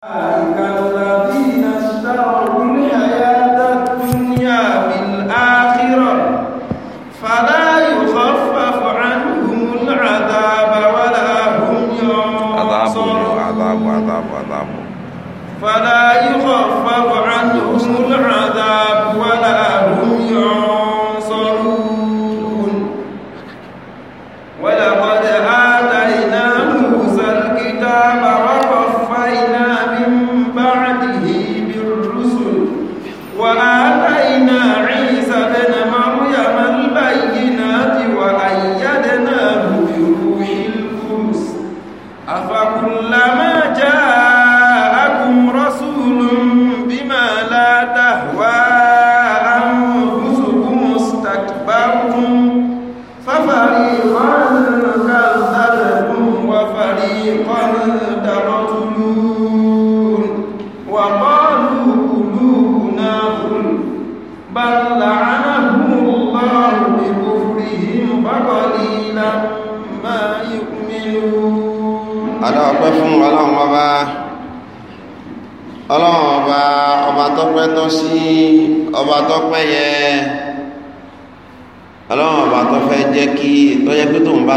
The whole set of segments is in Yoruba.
Amen. Uh,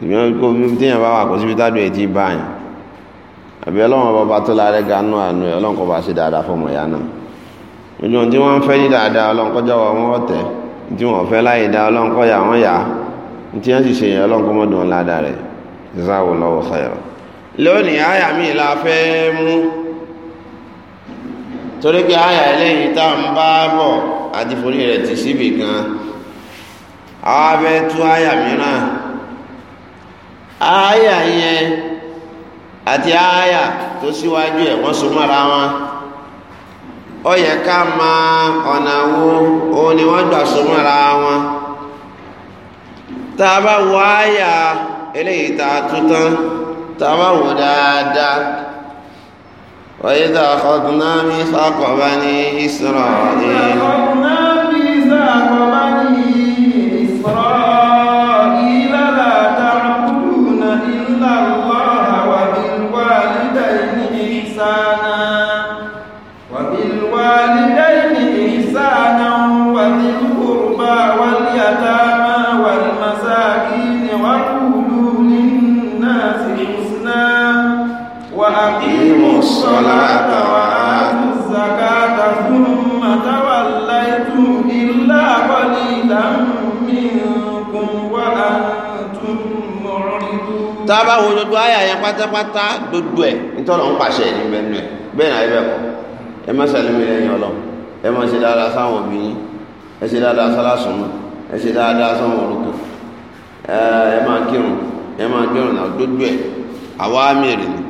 ìgbìyànjú kó bí téèyàn bá wà kó síbi tádùn ẹ̀ tí bá àbí ọlọ́run bàbá tó lárẹ́ ganú àánú ẹ̀ ọlọ́run kó bá ṣe dáadáa fọmọ ìyá náà ojú ohun tí wọ́n ń fẹ́ ní dáadáa ọlọ́run kọjá wa wọ́n ọ̀tẹ̀ tí wọ́n fẹ́ láyé dá ọlọ́run kọ́ yà wọ́n yá tí wọ́n sì ṣe yẹn ọlọ́run kó mọ́ dùn ládà rẹ̀ ìzáwò lọ́wọ́ sọ̀rọ̀ lónìí àyà mi la fẹ́ mú torí pé àyà eléyìí tá ń bá bọ̀ àti forí rẹ̀ ti síbì gan àwọn abẹ́ tú àyà mìíràn aya yẹn àti aya tó síwájú so wọn ó yẹ ká máa ọ̀nà wo òun ni gbà wọn tá a bá wo aya eléyìí tá a tún tán tá a bá wo dáadáa وإذا pátápátá gbogbo ẹ̀ nítorí wọn pàṣẹ ẹ̀ níbẹ̀ nù ẹ̀ bẹ́ẹ̀ náà ẹ̀bẹ̀ kọ́ ẹ má sàlùmí lẹ́yìn ọlọ́ ẹ má ṣe dáadáa sáwọn òbí yín ẹ ṣe dáadáa sálásùnmọ́ ẹ ṣe dáadáa sáwọn orúkọ ẹ má kírun ẹ má kírun náà gbogbo ẹ̀ àwa mèrè ni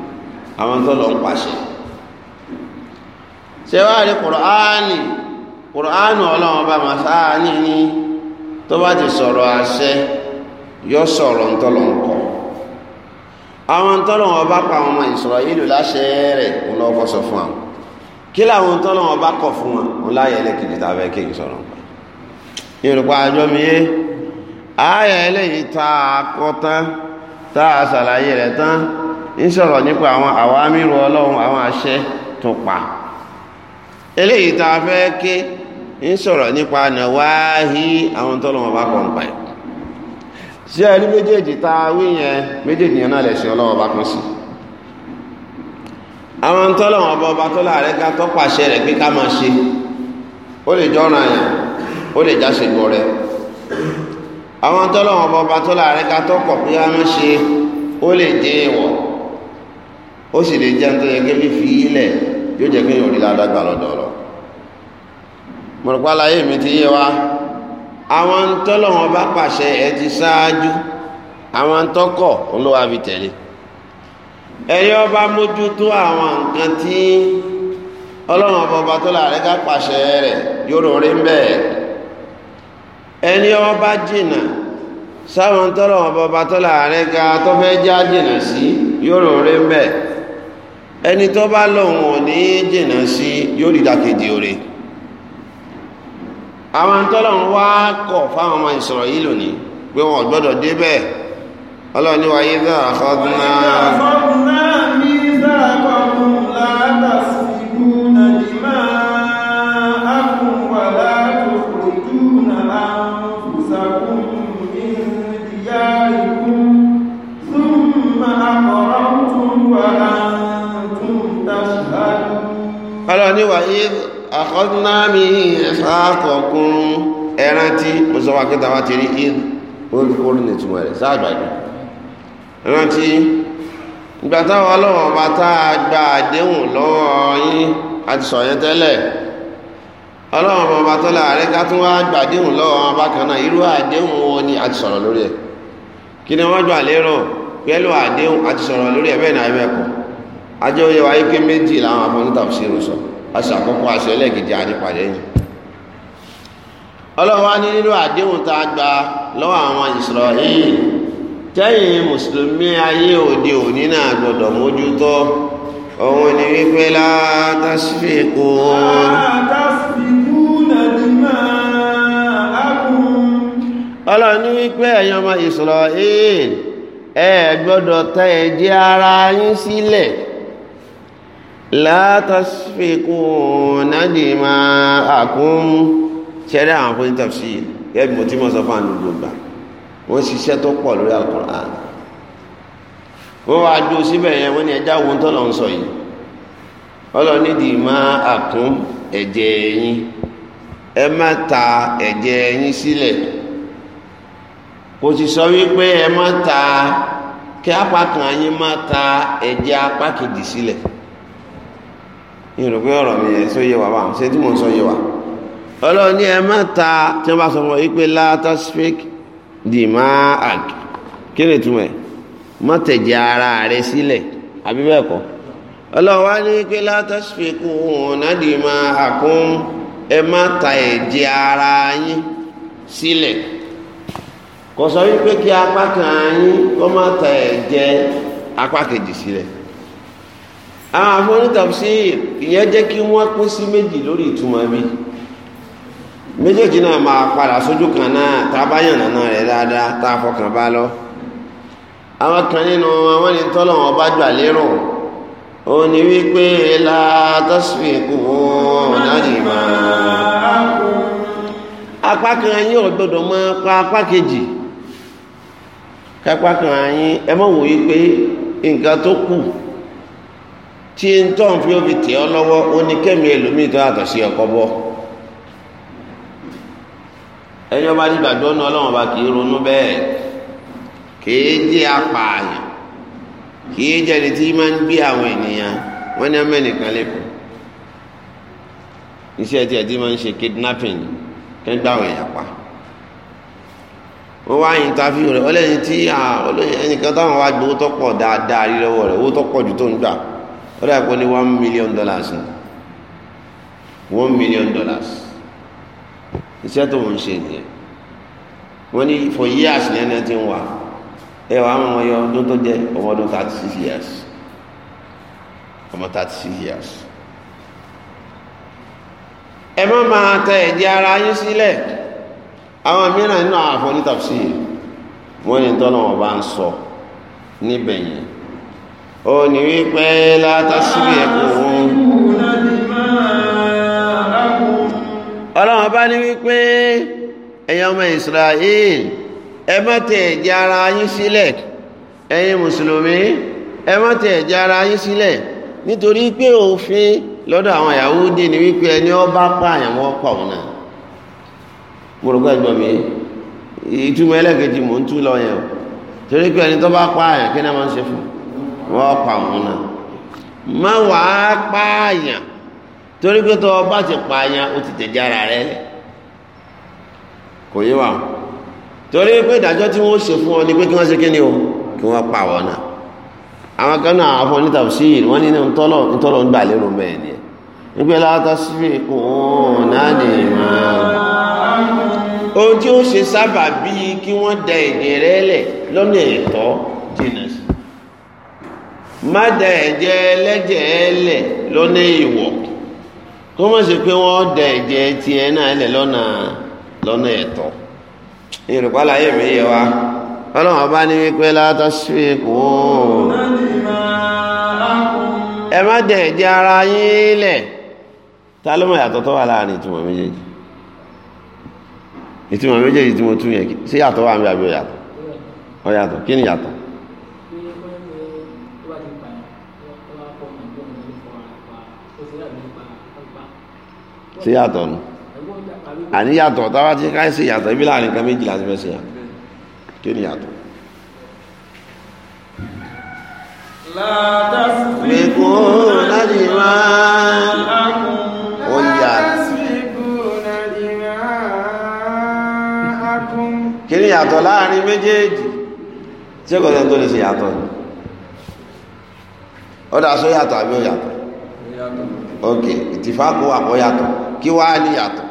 àwọn tó lọ ń pàṣẹ. ṣé wàá rí kùrọ̀ánì kùrọ̀ánì ọlọ́run bá máa sáà ní ní tó bá ti sọ̀rọ̀ àṣẹ yọ sọ̀rọ̀ ń tọ́lọ̀ ń kọ́ àwọn tọ́lọ̀wọ̀n ọba pa àwọn ọmọ Ísírẹ́lì láṣẹ rẹ̀ òun lọ́kọ́ sọ fún àwọn kí láwọn tọ́lọ̀wọ̀n ọba kọ̀ fún wọn òun láyé ẹlẹ́kejì tàbí ẹkẹyìn sọ̀rọ̀ pa yorùbá àjọ mi yé ayé ẹlẹ́yìí tá a kọ́ tán tá a ṣàlàyé rẹ̀ tán ń sọ̀rọ̀ nípa àwọn àwámírù ọlọ́run àwọn àṣẹ tó pa eléyìí tá a fẹ́ ké ń sọ̀rọ̀ nípa nàwáhí àwọn tọ́lọ̀wọ̀n ọba kọ̀ ń pa ẹ̀ sí ẹni méjèèjì tá a wí yẹn méjèèjì yẹn náà lẹ̀ṣẹ̀ ọlọ́wọ́ bá pín sí àwọn tọ́lọ̀wọ̀n ọba ọba tó láàrẹ ká tó pàṣẹ rẹ̀ pé ká máa ṣe ó lè jọ́ràn yẹn ó lè jáṣe gbọ́ rẹ̀ àwọn tọ́lọ̀wọ̀n ọba ọba tó láàrẹ ká tó kọ̀ pé á máa ṣe ó lè jẹ́ ìwọ̀ ó sì lè jẹ́ tó yẹ kí fífi ilẹ̀ yóò jẹ́ kí yòó rí ládàgbà lọ́dọ̀ ọ̀rọ̀ mọ̀rọ̀pá láyé mi ti yé wa àwọn tọ́lọ́wọ́n bá pàṣẹ ẹ ti ṣáájú àwọn tọ́kọ̀ olówó fi tẹ̀lé ọba mójútó àwọn nǹkan tí ọba tó láàrẹ́ ká pàṣẹ rẹ̀ yóò rí bẹ́ẹ̀ ẹni ọba jìnà sáwọn tọ́lọ̀ ọba tó láàrẹ́ ká tó fẹ́ já jìnà sí yóò rí bẹ́ẹ̀ ẹni tó bá lòun ò ní jìnà sí àwọn tọ́lọ́run wá kọ̀ fáwọn ọmọ ìsọ̀rọ̀ yìí lónìí pé wọn gbọ́dọ̀ débẹ̀ ọlọ́ni wa yé dá àkọ́dúnà ọlọ́ni àkọ́dúnámi ìsáàkọ̀kún ẹran tí mo sọ wá kí tàwa ti rí id olùkóró ní ìtumọ̀ rẹ̀ sáàgbàgbé rántí ìgbà táwọn ọlọ́wọ́ ọba tá a gba àdéhùn lọ́wọ́ yín àti sọ̀yẹn tẹ́lẹ̀ ọlọ́wọ́ ọba tó láàrẹ́ ká tún wá gba àdéhùn lọ́wọ́ ọba kan náà irú àdéhùn wọn ni àti sọ̀rọ̀ lórí ẹ̀ kí ni wọ́n gbà lérò pẹ̀lú àdéhùn àti sọ̀rọ̀ lórí ẹ̀ bẹ́ẹ̀ ni àyẹ̀wò ẹ̀kọ́ òye wáyé pé méjì làwọn afọ́nítàfsírù sọ̀rọ̀ aṣọ àkọ́kọ́ aṣọ ẹlẹ́ẹ̀kejì àdípadà ẹ̀yìn ọlọ́wọ́ ní nínú àdéhùn tá a gba lọ́wọ́ àwọn Ísírẹ́lì tẹ́yìn mùsùlùmí ayé òde òní náà gbọ́dọ̀ mójútó òun ni wípé látàṣífẹ́kù ọlọ́ni wípé ẹ̀yin ọmọ Ísírẹ́lì ẹ gbọ́dọ̀ tẹ́ ẹ̀jẹ̀ ara yín sílẹ̀ si la tasfikuna dima'akum ṣẹ́rẹ́ àwọn akóni tafsir gẹ́gẹ́ mo tí mo sọ fún àwọn olùgbà wọ́n ṣiṣẹ́ tó pọ̀ lórí Al-Qur'an wọ́n wá dúró síbẹ̀ yẹn wọ́n ní ẹja wo tó lọ ń sọ yìí ọlọ́ni dima'akum ẹ̀jẹ̀ yín ẹ má ta ẹ̀jẹ̀ yín sílẹ̀ kò sì sọ wípé ẹ má ta kí apá kan yín má ta ẹ̀jẹ̀ apá kejì sílẹ̀ ìrògbé ọ̀rọ̀ mi yẹn só yé wa bá ṣe tí mo sọ yé wa ọlọ́run ní ẹ má ta tí wọ́n bá sọ fún ọ pé láta speak di máa àg kí ni túmọ̀ ẹ̀ má tẹ̀jẹ̀ ara rẹ sílẹ̀ àbí bẹ́ẹ̀ kọ́ ọlọ́run wá ní pé láta speak òun náà di máa àkún ẹ má ta ẹ̀jẹ̀ ara yín sílẹ̀ kò sọ wípé kí apá kan yín kó má ta ẹ̀jẹ̀ apá kejì sílẹ̀. àwọn ah, afọ́nítàfsíìr ìyẹn jẹ́ kí wọ́n pín sí méjì lórí ìtumọ̀ bí méjèèjì náà máa padà sójú kan náà bá tábáyàn náà rẹ̀ dáadáa tá a fọkàn bá lọ àwọn kan nínú àwọn ẹni tọ́lọ̀ wọn bá gbà lérò ó ní wípé la tasfiqu dima apá kan yín ò gbọdọ̀ máa pa apá kejì kápá kan yín ẹ mọ̀ wòye pé nǹkan tó kù tí n tó n fi ó fi tẹ̀ ọ́ lọ́wọ́ ó ẹlòmíì tó sí ọkọ bọ ẹni ọba ti gbàgbọ́ nu ọba kì í ronú bẹ́ẹ̀ kìí jẹ́ apààyàn jẹ́ ẹni tí máa ń gbé àwọn ènìyàn wọ́n ní ọmọ ẹnìkan lẹ́kọ̀ọ́ iṣẹ́ máa ń ṣe kidnapping kẹ́ gbá àwọn èèyàn pa wọ́n wá interview rẹ̀ ọlẹ́ni tí ẹnìkan táwọn wá gbowó tó pọ̀ dáadáa rí ó dà ní one million dollars ni one million dollars iṣẹ́ tó ń ṣe nìyẹn wọ́n ní for years ní ẹni tí ń wà ẹ wàá mọ̀ ọyọ ọdún tó jẹ́ ọmọ ọdún thirty six years ọmọ thirty six years ẹ má máa tẹ ẹ̀jẹ̀ ara yín sílẹ̀ àwọn mìíràn nínú àwọn àfọ̀nítàfsí wọ́n ní tọ́lọ́wọ́n bá ń sọ níbẹ̀ yẹn ó ní wípé látàsírí ẹ̀kọ́ òun ọlọ́run bá ní wípé ẹ̀yin ọmọ Israel ẹ má tẹ̀ ẹ̀jẹ̀ ara yín sílẹ̀ ẹ̀yin mùsùlùmí ẹ má tẹ̀ ẹ̀jẹ̀ ara yín sílẹ̀ nítorí pé òfin lọ́dọ̀ àwọn Yahudi ní wípé ẹni ó bá pààyàn wọ́n pa òun náà mo rò pé mi ìtumọ̀ ẹlẹ́gẹ̀ẹ́jì mò ń tú lọ yẹn o torí pé ẹni tó bá pààyàn kí náà máa ń ṣe fún un wọ́n pa òun náà má wàá pààyàn torí pé tó o bá ti pààyàn o ti ara rẹ kò yé wa torí pé ìdájọ́ tí wọ́n ṣe fún ọ ni pé kí wọ́n ṣe kí ni o kí wọ́n pa àwọn náà àwọn kan náà àwọn wọ́n ní ntọ́lọ̀ ntọ́lọ̀ lérò ni ohun tí ó ṣe sábà bíi kí wọ́n da èdè rẹ lẹ̀ lọ́nà má da ẹ̀jẹ̀ ẹlẹ́jẹ̀ ẹlẹ̀ lọ́nà ìwọ̀ kó má ṣe pé wọ́n da ẹ̀jẹ̀ tiẹ̀ náà ẹlẹ̀ lọ́nà lọ́nà ẹ̀tọ́ yorùbá láyé mi yẹ wa ọlọ́run ọba ní wípé látọ́sí kù ẹ má da ẹ̀jẹ̀ ara yín lẹ̀ ta ló mọ̀ yàtọ̀ tó wà láàrin ìtumọ̀ méjèèjì ìtumọ̀ méjèèjì tí mo tún yẹ sí yàtọ̀ wà ń bí abẹ́ yàtọ̀ kí ni yàtọ̀ sí yàtọ̀ nù àní yàtọ̀ táwa ti ká ṣe yàtọ̀ ibi láàrin nǹkan méjìlá ti fẹ́ ṣe yàtọ̀ kí ni yàtọ̀. Mèkó láti máa ó yà. Kí ni yàtọ̀ láàrin méjèèjì? Ṣé kò sẹ́ni tó lè ṣe yàtọ̀ ni? Ó dà sọ yàtọ̀ àbí ó yàtọ̀? Ó yàtọ̀ ok ìtìfáàkù wà kọ́ yàtọ̀ kí wàá ní yàtọ̀.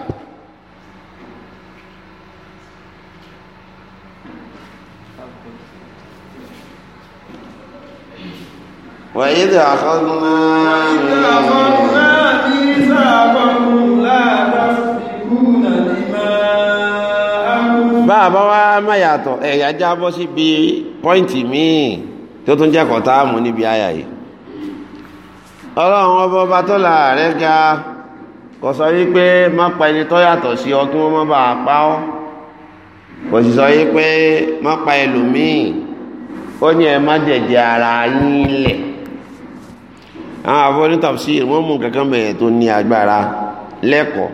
وإذ أخذنا báàbá wa má yàtọ̀ ẹ̀yà jábọ́ síbi pọ́ìntì míì tó tún jẹ́ kọ̀ọ̀tà mú níbi àyà yìí ọlọ́run ọba ọba tó láàrẹ́ ga kò sọ wípé má pa ẹni tó yàtọ̀ sí ọ kí wọ́n má bàa pa ọ́ kò sì sọ wípé má pa ẹlòmíì ó ní ẹ má jẹ̀jẹ̀ ara yín lẹ̀ àwọn àfọ́nítàpsí wọ́n mú kankan bẹ̀rẹ̀ tó ní agbára lẹ́kọ̀ọ́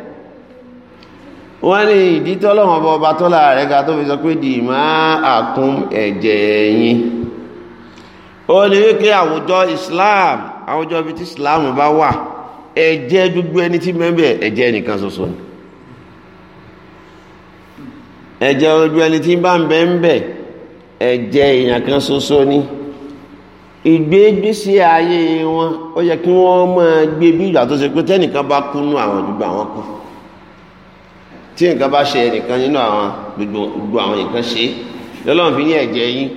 wọ́n ní ìdí tọ́lọ́wọ́n bọ́ ọba tọ́lá rẹ̀ ga tó fi sọ pé dì má àkún ẹ̀jẹ̀ yín ó ní wípé àwùjọ Islam àwùjọ bíi tí islam bá wà ẹ̀jẹ̀ gbogbo ẹni tí mẹ́bẹ̀ ẹ̀jẹ̀ nìkan ṣoṣo ni ẹ̀jẹ̀ gbogbo ẹni tí bá ń bẹ ń bẹ ẹ̀jẹ̀ èèyàn kan ṣoṣo ni ìgbégbèsè ayé wọn ó yẹ kí wọ́n máa gbé bí ìgbà tó ṣe pé tẹ́nìkan bá kú nú àwọn gbogbo àwọn kú tí nǹkan bá ṣe ẹnìkan nínú àwọn gbogbo àwọn nǹkan ṣe lọ́lọ́run fi ní ẹ̀jẹ̀ yín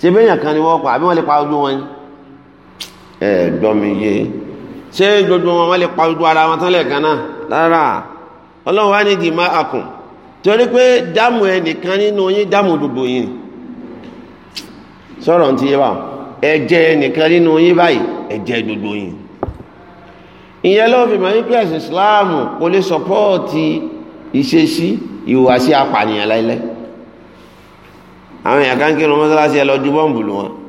ṣe bẹ́yàn kan ni wọ́n pa àbí wọ́n lè pa ojú wọn yín ẹ ṣé gbogbo wọn gbogbo ara wọn tán lẹ́ẹ̀kan náà rárá ọlọ́run wá ní dìímá akùn torí pé dáàmù ẹnìkan nínú yín dáàmù gbogbo yín sọ̀rọ̀ ti yé wa ẹ̀jẹ̀ ẹnìkan nínú yín báyìí ẹ̀jẹ̀ gbogbo yín ìyẹn ló fi ẹ̀sìn Islam kò lè ìṣesí ìhùwàsí apànìyàn láìláì àwọn èèyàn kan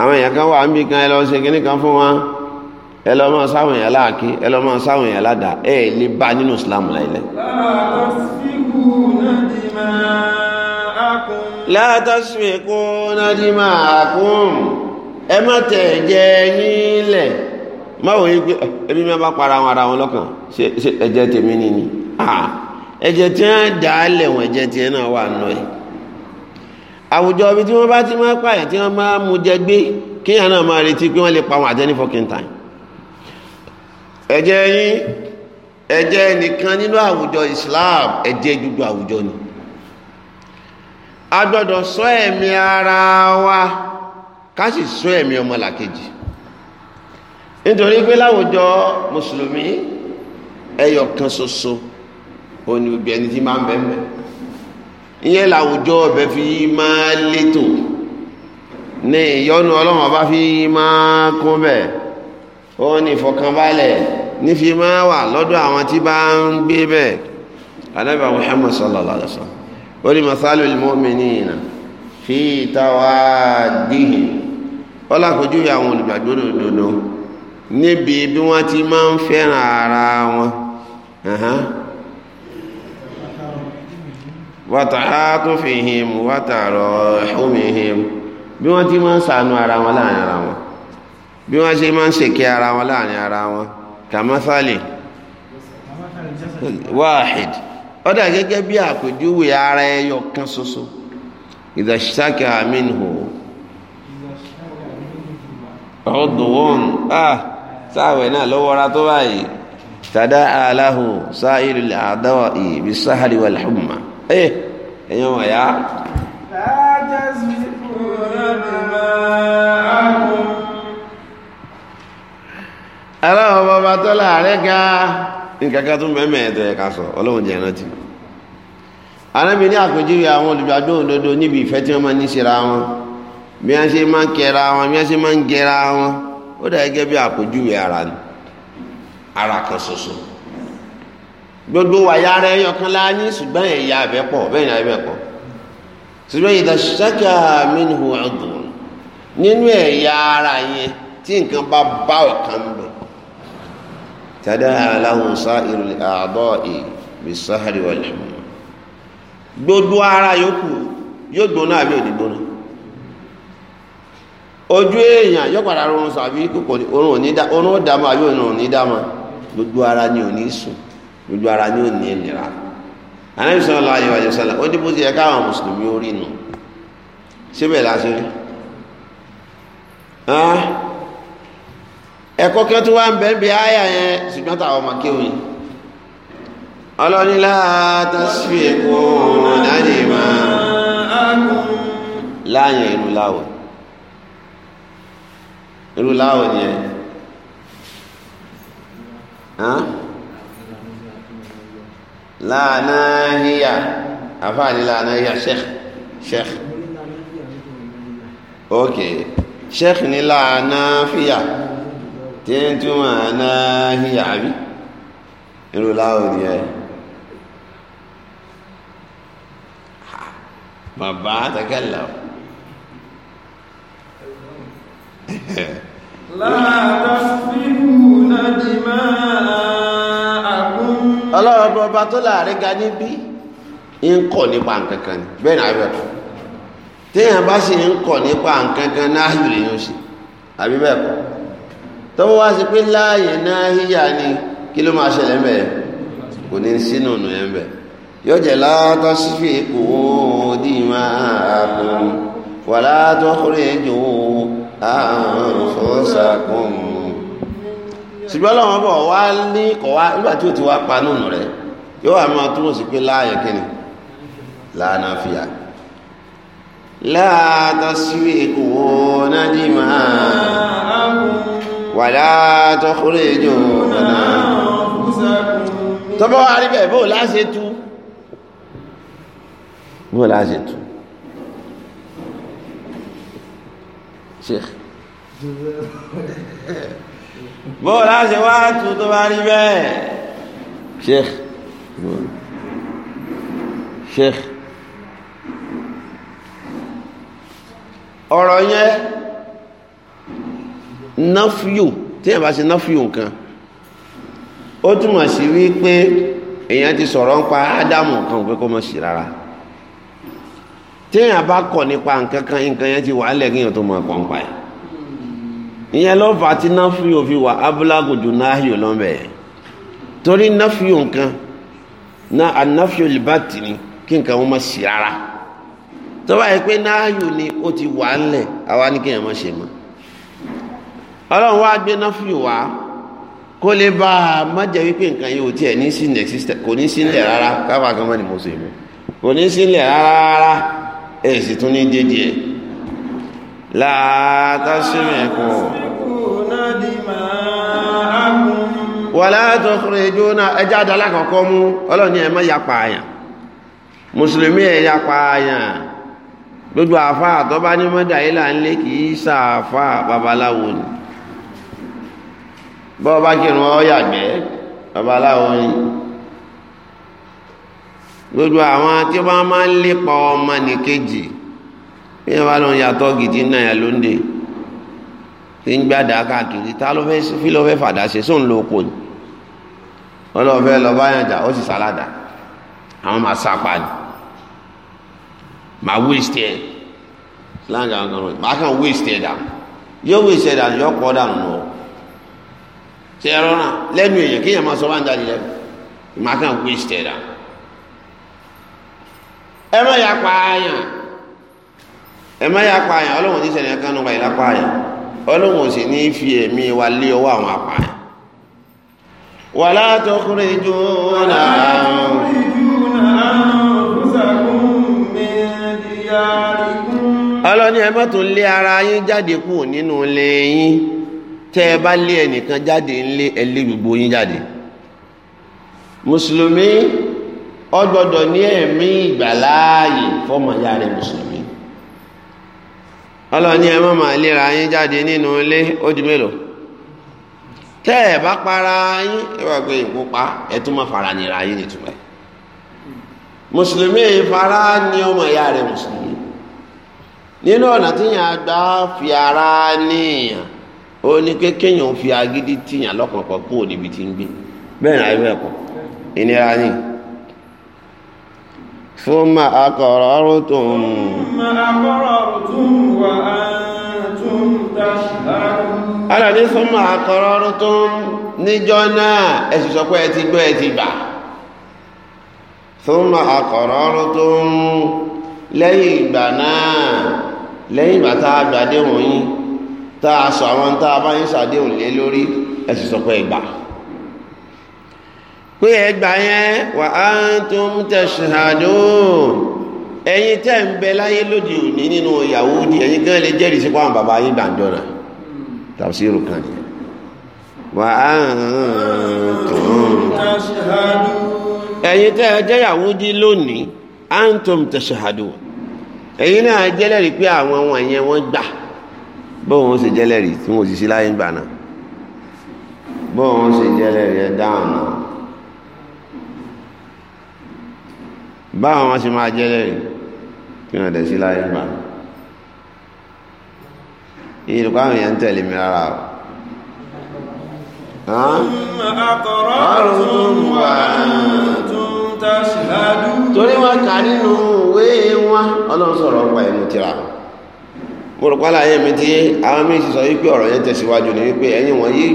àwọn èèyàn kan wà níbi kan ẹ lọ ṣe kíní kan fún wọn ẹ lọ máa sáwọn èèyàn láàkí ẹ lọ máa sáwọn èèyàn ládàá ẹ lè bá nínú Islam láìlẹ. látàsíkò nàdìmá àkùn ẹ má tẹ̀ jẹ́ yín lẹ̀ máa wòye pé ẹbí mi bá para wọn ara wọn lọ́kàn ṣe ẹ̀jẹ̀ tèmi nìyí ẹ̀jẹ̀ tí wọ́n dà á lẹ̀ ẹ̀jẹ̀ tí wọ́n náà wà nù ẹ̀ àwùjọ ibi tí wọ́n bá ti máa pààyàn tí wọ́n máa mú jẹ gbé kíyàn náà máa retí pé wọ́n lè pa wọn àtẹ́ni fokin time ẹ̀jẹ̀ yín ẹ̀jẹ̀ nìkan nínú àwùjọ Islam ẹ̀jẹ̀ gbogbo àwùjọ ni a gbọ́dọ̀ sọ ẹ̀mí ara wa ká sì sọ ẹ̀mí ọmọlàkejì nítorí pé láwùjọ mùsùlùmí ẹyọ kan ṣoṣo òní gbogbo ẹni máa ń bẹ́ẹ̀ mẹ́ẹ̀ ìyẹn làwùjọ ọbẹ̀ fi máa létò ní ìyọnu ọlọ́run ọba fi máa kún bẹ̀ ó ní ìfọkànbalẹ̀ ní fi máa wà lọ́dọ̀ àwọn tí bá ń gbé bẹ̀ anábà Muhammad sallallahu alaihi wasallam ó ní fi tawaddihim ọlákojú àwọn olùgbàgbọ́ òdodo níbi bí wọ́n ti máa ń ara wọn. wàtàhátùfihìm wàtàrọ̀ ẹ̀húmihìm bí wọ́n ti máa ń sànú ara wọn láàrin ara wọn bí wọ́n ṣe máa ń ṣèké ara wọn láàrin ara wọn kàmásálì wáhid ó dà gẹ́gẹ́ bí àpèjúwe ara ẹyọ kan ṣoṣo ìdàṣíṣàkì àmínú ọdún ah sáàwẹ̀ náà lọ́wọ́ra tó báyìí tàdá aláhùn sáà ìrìlẹ̀ àdáwà ìbí sáhàrí ẹ eh, ẹ̀yin ọmọ ẹ̀yà. aláwọ̀ bàbá tó láàárẹ̀ ga nǹkan kan tún mẹ́mẹ́ ẹ̀tọ́ ẹ̀ka sọ ọlọ́run jẹ́ rántí. arábì ní àpèjúwe àwọn olùgbàgbọ́ òdodo níbi ìfẹ́ tí wọ́n máa ń ní síra wọn bí wọ́n ṣe máa ń kẹra wọn bí wọ́n ṣe máa ń gẹra wọn ó dà gẹ́gẹ́ bí àpèjúwe ara ni ara kan ṣoṣo. gbogbo wàyà rẹ yọkan ṣùgbọ́n ẹ̀yà pọ̀ bẹ́ẹ̀ ni pọ̀ ṣùgbọ́n mínú nínú ẹ̀yà ara yẹn tí nǹkan bá bá ọ̀kan bẹ̀ tàdá aláhùn sá ìrìlẹ̀ àbọ̀ ìbí gbogbo ara yòókù yóò gbóná àbí òní ojú èèyàn yóò padà rọrùn sàbí kòkòrò òrùn ò ní àbí ò ní gbogbo ara ni ò ní sùn gbogbo ara ni ó ní ìnira anabi sọlá ayé wájú sọlá ó ní bó ti yẹ káwọn mùsùlùmí ó rí nù síbẹ̀ láti rí ẹ̀kọ́ kí wọ́n tún wá ń bẹ́ẹ̀ bí àyà yẹn ṣùgbọ́n táwọn ọmọ kéwì ọlọ́nilá tasfíkù nàdìmá láàyàn ìlú láwọ̀ ìlú láwọ̀ ni ẹ̀ لا ناهية أفعلي لا ناهية شيخ شيخ أوكي شيخ ني لا نافية تنتم ناهية عبي يقولوا لا ودي أي ما بعد أكلم لا تسفكون دماء ọlọ́run ọba tó láàrin ga níbí ń kọ̀ nípa nkankan ní bẹ́ẹ̀ náà bẹ́ẹ̀ bá sì ń kọ̀ nípa nkankan náà yìí ṣe wá sí pé láàyè náà híyà ni kí ló máa ṣẹlẹ̀ kò ní sínú nù yóò jẹ́ látọ́ sí fi ṣùgbọ́n ọlọ́run bọ̀ wá ní kọ̀ wá nígbà tí ó ti wá panú rẹ̀ yóò wá máa túmọ̀ sí pé láàyè kíni lánàá fìyà látàsíwì kò nájí máa wà látọ̀ kúrò ìjọ náà tọ́bọ̀ bó láṣẹ tú bó láṣẹ tú Sheikh bóò láṣẹ wá tún tó bá rí bẹ́ẹ̀ sheikh ọ̀rọ̀ yẹn náfíù tí ẹ̀ bá ṣe náfíù nǹkan ó túmọ̀ sí wípé èèyàn ti sọ̀rọ̀ ń pa ádámù kan bá kọ̀ nípa kan ti wà ìyẹn ló fà tí náfíò fi wà abúlágòjò náhíò lọ́mẹ̀ torí náfíò nǹkan náà ànáfíò lìbátì ni kí nǹkan wọn má sí rárá tó bá pé náhíò ni ó ti wà ńlẹ̀ àwa ní kéèyàn má ṣe mọ́ ọlọ́run wá gbé náfíò wá kó lè bá a má jẹ́ wípé nǹkan yìí ò tiẹ̀ ní sí kò ní sí rárá káfà kan mọ́ ni mo ṣe mọ́ kò ní sí nlẹ̀ rárá لا تسمكوا ولا تخرجون اجاد alákọ̀ọ́kọ́ mú Ọlọ́run ní ẹ má yapa àyàn mùsùlùmí ẹ yapa àyàn gbogbo àfáà tó bá ní mọ́dà ilà ń lé kìí sàáfáà babaláwo ni bọ́ bá kírun ọ yàgbẹ́ babaláwo ni gbogbo àwọn tí wọ́n máa ń lépa ọmọ nìkejì èèyàn bá lọ yàtọ̀ gidi náà yà lóńdè tí ń gbàdá káàkiri ta ló fẹ́ fi ló fẹ́ fàdá ṣe sóun ló pò ní ọlọ́fẹ́ lọ bá ó sì sálàdà àwọn máa sápa ni máa wíìsì ẹ̀ láǹgà ọ̀gá rẹ̀ máa kàn wíìsì ẹ̀ dànù yóò wíìsì ẹ̀ dànù yóò pọ̀ dànù ọ́ ṣe ẹ̀rọ náà lẹ́nu èèyàn kéèyàn máa sọ bá ń jáde lẹ́nu kàn dànù ẹ̀rọ yà pààyàn. ẹ má yà apààyàn ọlọ́run ní sẹ́ni ẹ̀kan nípa ìlà apààyàn ọlọ́run ò sì ní fi ẹ̀mí wa lé ọwọ́ àwọn apààyàn. wà látọkùnrin jù ọlọ́ni ẹ má lé ara yín jáde kù nínú ilé yín tẹ́ ẹ bá lé ẹnìkan jáde ńlé gbogbo yín jáde mùsùlùmí ó ní ẹ̀mí ìgbàláàyè fọmọ ìyá Ọlọọ ẹ má máa lera jáde nínú ilé ó di mélòó tẹ́ ẹ bá para yín ẹ ẹ tún fara nira yín rẹ mùsùlùmí fara ni ọmọ ìyá rẹ mùsùlùmí nínú ọ̀nà tíyàn àgbà fi ara níyàn ó ní fi agídí tíyàn tí ń gbé bẹ́ẹ̀ ni ayé ìnira fún ma akọ̀rọ̀ ara ní súnmọ́ àkọrọ ọrún tó ń níjọ́ náà ẹ̀sùn sọ pé ẹ ti gbọ́ ẹ ti gbà súnmọ́ àkọrọ ọrún tó ń lẹ́yìn ìgbà náà lẹ́yìn ìgbà tá a gbàdéhùn yín tá a sọ àwọn tá a bá yín ṣàdéhùn lé lórí ẹ̀sùn sọ pé ẹ gbà pé ẹ gbà yẹn wa antum tashhadun ẹ̀yin tẹ́ ń bẹ láyé lóde òní nínú Yahudi ẹ̀yin gan lè jẹ́rìí sí pé bàbá yín gbàǹjọ́ tafsiru kan yẹn wà á tún ẹ̀yin tẹ́ ẹ jẹ́ Yahudi lónìí antum tashahadu ẹ̀yin náà jẹ́lẹ̀rí pé àwọn wọ̀nyẹn wọ́n gbà bóun ṣe jẹ́lẹ̀rí tí wọ́n sì sí láyé gbà náà bóun ṣe jẹ́lẹ̀rí ẹ dáhùn náà báwọn ṣe máa jẹ́lẹ̀rí kí wọ́n dẹ̀ sí láyé gbà náà. ìrùkọ́ àwọn èèyàn ń tẹ̀lé mi rárá o. torí wọn kà nínú wọn ọlọ́run ọgbà tira mo ayé mi tí àwọn míì sì sọ wípé ọ̀rọ̀ yẹn tẹ̀síwájú ni wípé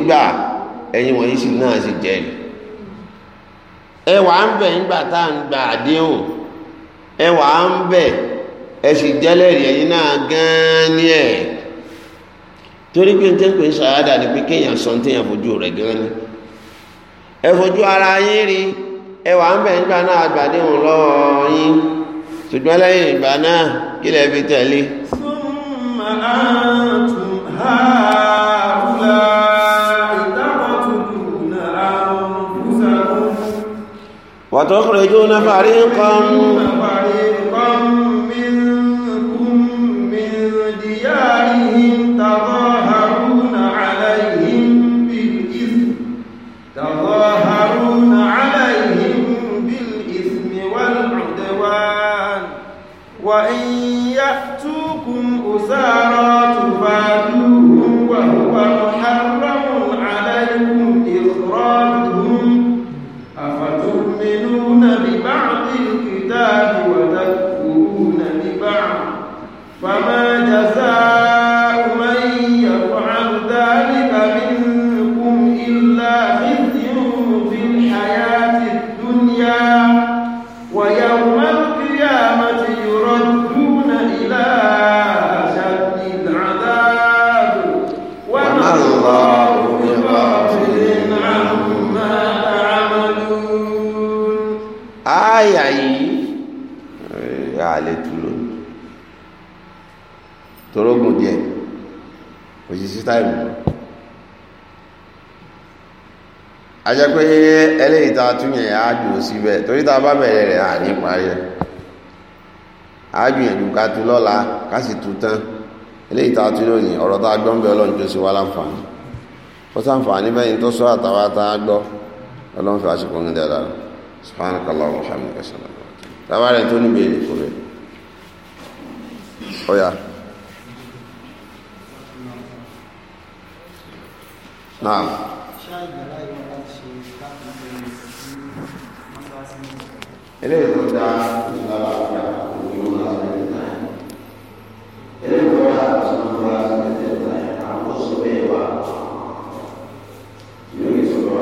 gbà sì náà sì ẹwà ń bẹ̀ ńgbà tá à ń àdéhùn ẹwà ń bẹ̀ jẹ́lẹ̀rì náà an ní torí pé nítorí pé ṣàádà ni pé kéèyàn sọ téèyàn fojú rẹ̀ gan ni ẹ fojú ara yín rí ẹ wà ń bẹ̀ nígbà náà àgbàdéhùn lọ́wọ́ yín ṣùgbọ́n lẹ́yìn ìgbà náà kí lẹ fi tẹ̀lé. summa antum haula ń búzà. wa النار ajẹ́ pé a tún yẹn á jù ú torí a bá bẹ̀rẹ̀ rẹ̀ àní parí ẹ̀ tán a tún lónìí ọ̀rọ̀ tá a gbọ́ ń tó ṣe wá láǹfààní ó sáǹfààní bẹ́yìn tó sọ àtàwà tá gbọ́ ọlọ́run fi ń dẹ̀ kẹsàn-án tàbá rẹ̀ tó níbi eléyìí ló dáa lára